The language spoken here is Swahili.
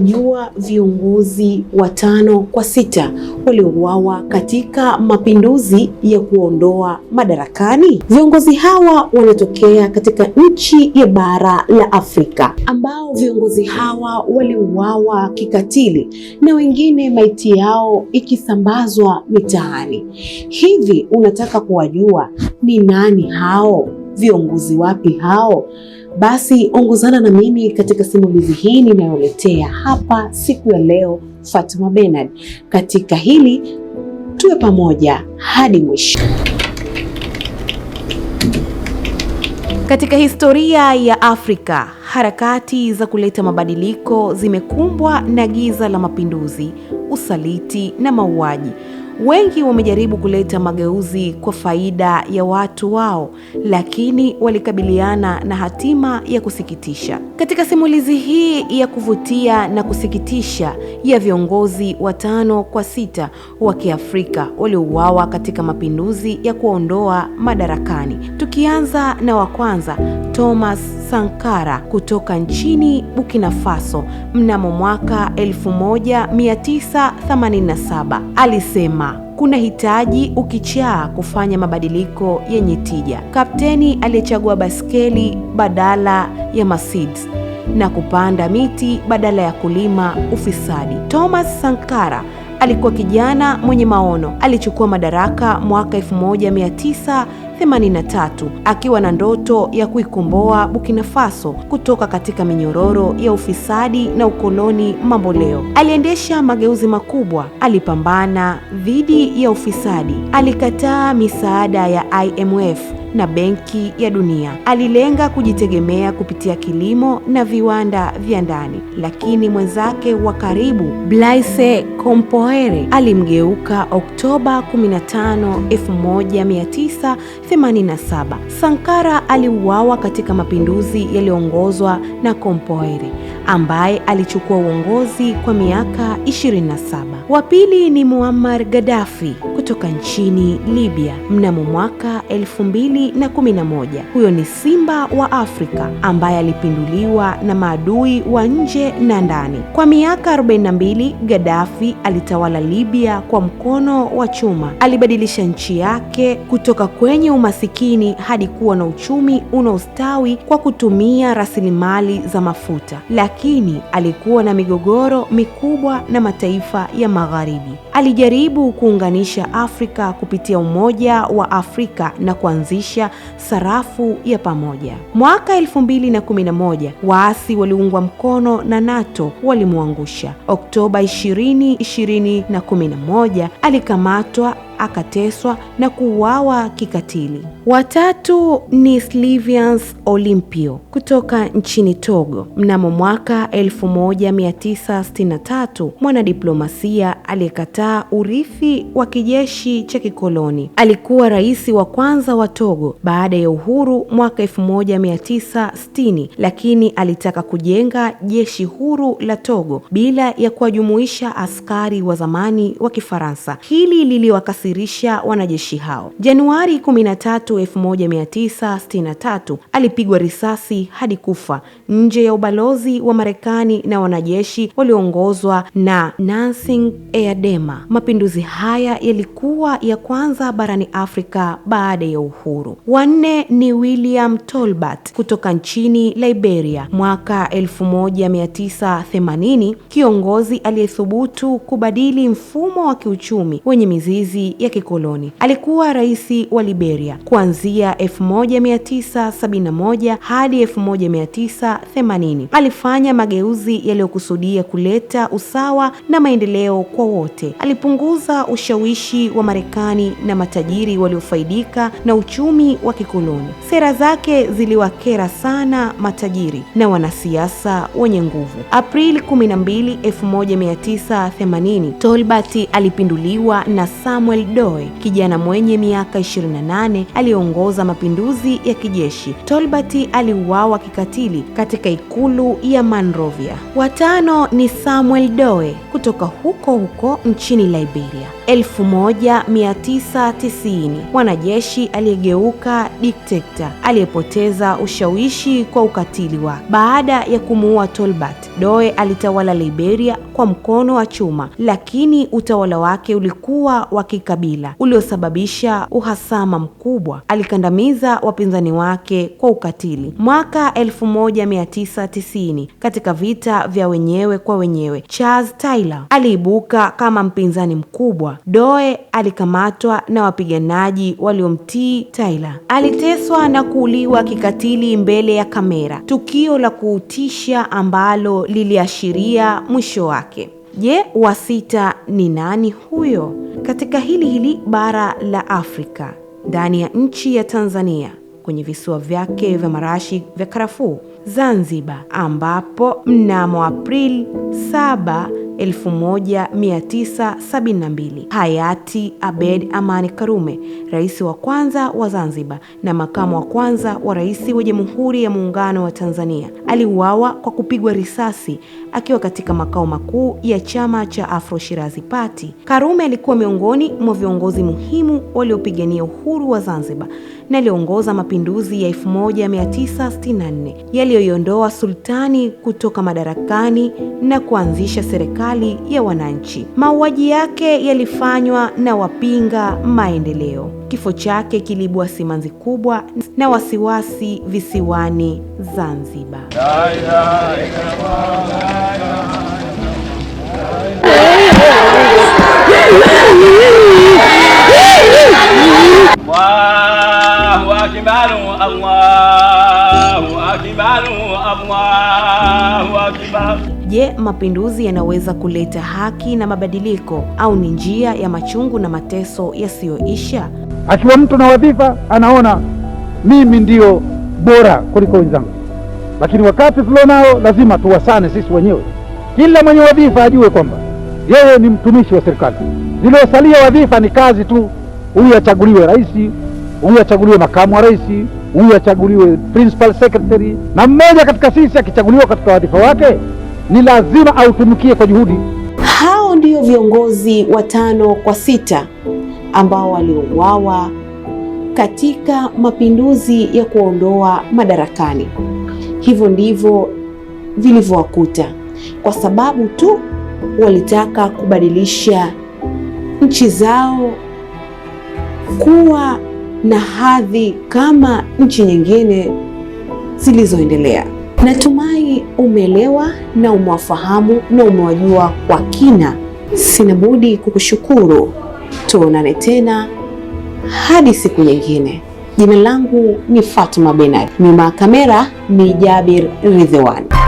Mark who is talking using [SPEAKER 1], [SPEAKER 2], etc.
[SPEAKER 1] kuwajua viongozi watano kwa sita waliouawa katika mapinduzi ya kuondoa madarakani. Viongozi hawa wanatokea katika nchi ya bara la Afrika, ambao viongozi hawa waliuawa kikatili na wengine maiti yao ikisambazwa mitaani. Hivi unataka kuwajua ni nani hao? viongozi wapi hao? Basi ongozana na mimi katika simulizi hii ninayoletea hapa siku ya leo, Fatuma Bernard. Katika hili tuwe pamoja hadi mwisho.
[SPEAKER 2] Katika historia ya Afrika, harakati za kuleta mabadiliko zimekumbwa na giza la mapinduzi, usaliti na mauaji. Wengi wamejaribu kuleta mageuzi kwa faida ya watu wao, lakini walikabiliana na hatima ya kusikitisha. Katika simulizi hii ya kuvutia na kusikitisha ya viongozi watano kwa sita wa Kiafrika waliouawa katika mapinduzi ya kuondoa madarakani, tukianza na wa kwanza, Thomas Sankara kutoka nchini Burkina Faso mnamo mwaka 1987 alisema kuna hitaji ukichaa kufanya mabadiliko yenye tija. Kapteni aliyechagua baskeli badala ya masid na kupanda miti badala ya kulima ufisadi. Thomas Sankara alikuwa kijana mwenye maono, alichukua madaraka mwaka 83 akiwa na ndoto ya kuikomboa Burkina Faso kutoka katika minyororo ya ufisadi na ukoloni mamboleo. Aliendesha mageuzi makubwa, alipambana dhidi ya ufisadi, alikataa misaada ya IMF na Benki ya Dunia. Alilenga kujitegemea kupitia kilimo na viwanda vya ndani, lakini mwenzake wa karibu Blaise Compaoré alimgeuka Oktoba 15, 1900 1987 Sankara aliuawa katika mapinduzi yaliyoongozwa na Kompoere ambaye alichukua uongozi kwa miaka 27. Wa pili ni Muammar Gaddafi kutoka nchini Libya mnamo mwaka 2011. Huyo ni simba wa Afrika ambaye alipinduliwa na maadui wa nje na ndani. Kwa miaka 42, Gaddafi alitawala Libya kwa mkono wa chuma. Alibadilisha nchi yake kutoka kwenye umasikini hadi kuwa na uchumi unaostawi kwa kutumia rasilimali za mafuta, lakini alikuwa na migogoro mikubwa na mataifa ya Magharibi. Alijaribu kuunganisha Afrika kupitia Umoja wa Afrika na kuanzisha sarafu ya pamoja. Mwaka elfu waasi waliungwa mkono na NATO walimwangusha. Oktoba 20, 2011 alikamatwa akateswa na kuuawa kikatili. Watatu ni Slivians Olympio kutoka nchini Togo. Mnamo mwaka 1963 mwanadiplomasia aliyekataa urithi wa kijeshi cha kikoloni alikuwa rais wa kwanza wa Togo baada ya uhuru mwaka 1960, lakini alitaka kujenga jeshi huru la Togo bila ya kuwajumuisha askari wa zamani wa Kifaransa. Hili liliwakasi kuwakasirisha wanajeshi hao. Januari 13, 1963 alipigwa risasi hadi kufa nje ya ubalozi wa Marekani na wanajeshi walioongozwa na Nansing Eadema. Mapinduzi haya yalikuwa ya kwanza barani Afrika baada ya uhuru. Wanne ni William Tolbert kutoka nchini Liberia mwaka 1980, kiongozi aliyethubutu kubadili mfumo wa kiuchumi wenye mizizi ya kikoloni. Alikuwa rais wa Liberia kuanzia 1971 hadi 1980. Alifanya mageuzi yaliyokusudia kuleta usawa na maendeleo kwa wote. Alipunguza ushawishi wa Marekani na matajiri waliofaidika na uchumi wa kikoloni. Sera zake ziliwakera sana matajiri na wanasiasa wenye nguvu. Aprili 12, 1980, Tolbert alipinduliwa na Samuel doe kijana mwenye miaka 28 aliyeongoza mapinduzi ya kijeshi. Tolbert aliuawa kikatili katika ikulu ya Monrovia. Watano ni Samuel Doe kutoka huko huko nchini Liberia. 1990, mwanajeshi aliyegeuka dikteta aliyepoteza ushawishi kwa ukatili wake. Baada ya kumuua Tolbert, Doe alitawala Liberia kwa mkono wa chuma, lakini utawala wake ulikuwa wa kikabila uliosababisha uhasama mkubwa. Alikandamiza wapinzani wake kwa ukatili. Mwaka 1990, katika vita vya wenyewe kwa wenyewe, Charles Taylor aliibuka kama mpinzani mkubwa Doe alikamatwa na wapiganaji waliomtii Tyler. Aliteswa na kuuliwa kikatili mbele ya kamera, tukio la kuutisha ambalo liliashiria mwisho wake. Je, wa sita ni nani huyo? Katika hili hili bara la Afrika, ndani ya nchi ya Tanzania, kwenye visiwa vyake vya marashi vya karafuu Zanzibar, ambapo mnamo Aprili 1972 hayati Abed Amani Karume, rais wa kwanza wa Zanzibar na makamu wa kwanza wa rais wa Jamhuri ya Muungano wa Tanzania, aliuawa kwa kupigwa risasi akiwa katika makao makuu ya chama cha Afro Shirazi Party. Karume alikuwa miongoni mwa viongozi muhimu waliopigania uhuru wa Zanzibar na aliongoza mapinduzi ya 1964 yaliyoiondoa sultani kutoka madarakani na kuanzisha serikali ya wananchi. Mauaji yake yalifanywa na wapinga maendeleo. Kifo chake kilibua simanzi kubwa na wasiwasi visiwani Zanzibar. Je, mapinduzi yanaweza kuleta haki na mabadiliko au ni njia ya machungu na mateso yasiyoisha?
[SPEAKER 3] Akiwa mtu na wadhifa anaona mimi ndio bora kuliko wenzangu, lakini wakati tulionao lazima tuwasane sisi wenyewe. Kila mwenye wadhifa ajue kwamba yeye ni mtumishi wa serikali. Ziliosalia wadhifa ni kazi tu, huyu achaguliwe rais, huyu achaguliwe makamu wa rais, huyu achaguliwe principal secretary. Na mmoja katika sisi akichaguliwa katika wadhifa wake ni lazima autumikie kwa juhudi.
[SPEAKER 1] Hao ndio viongozi watano kwa sita ambao waliuawa katika mapinduzi ya kuondoa madarakani. Hivyo ndivyo vilivyowakuta kwa sababu tu walitaka kubadilisha nchi zao kuwa na hadhi kama nchi nyingine zilizoendelea. Natumai umeelewa na umewafahamu na umewajua kwa kina. Sina budi kukushukuru. Tuonane tena hadi siku nyingine. Jina langu ni Fatuma Benard, nyuma ya kamera ni Jabir Ridhiwani.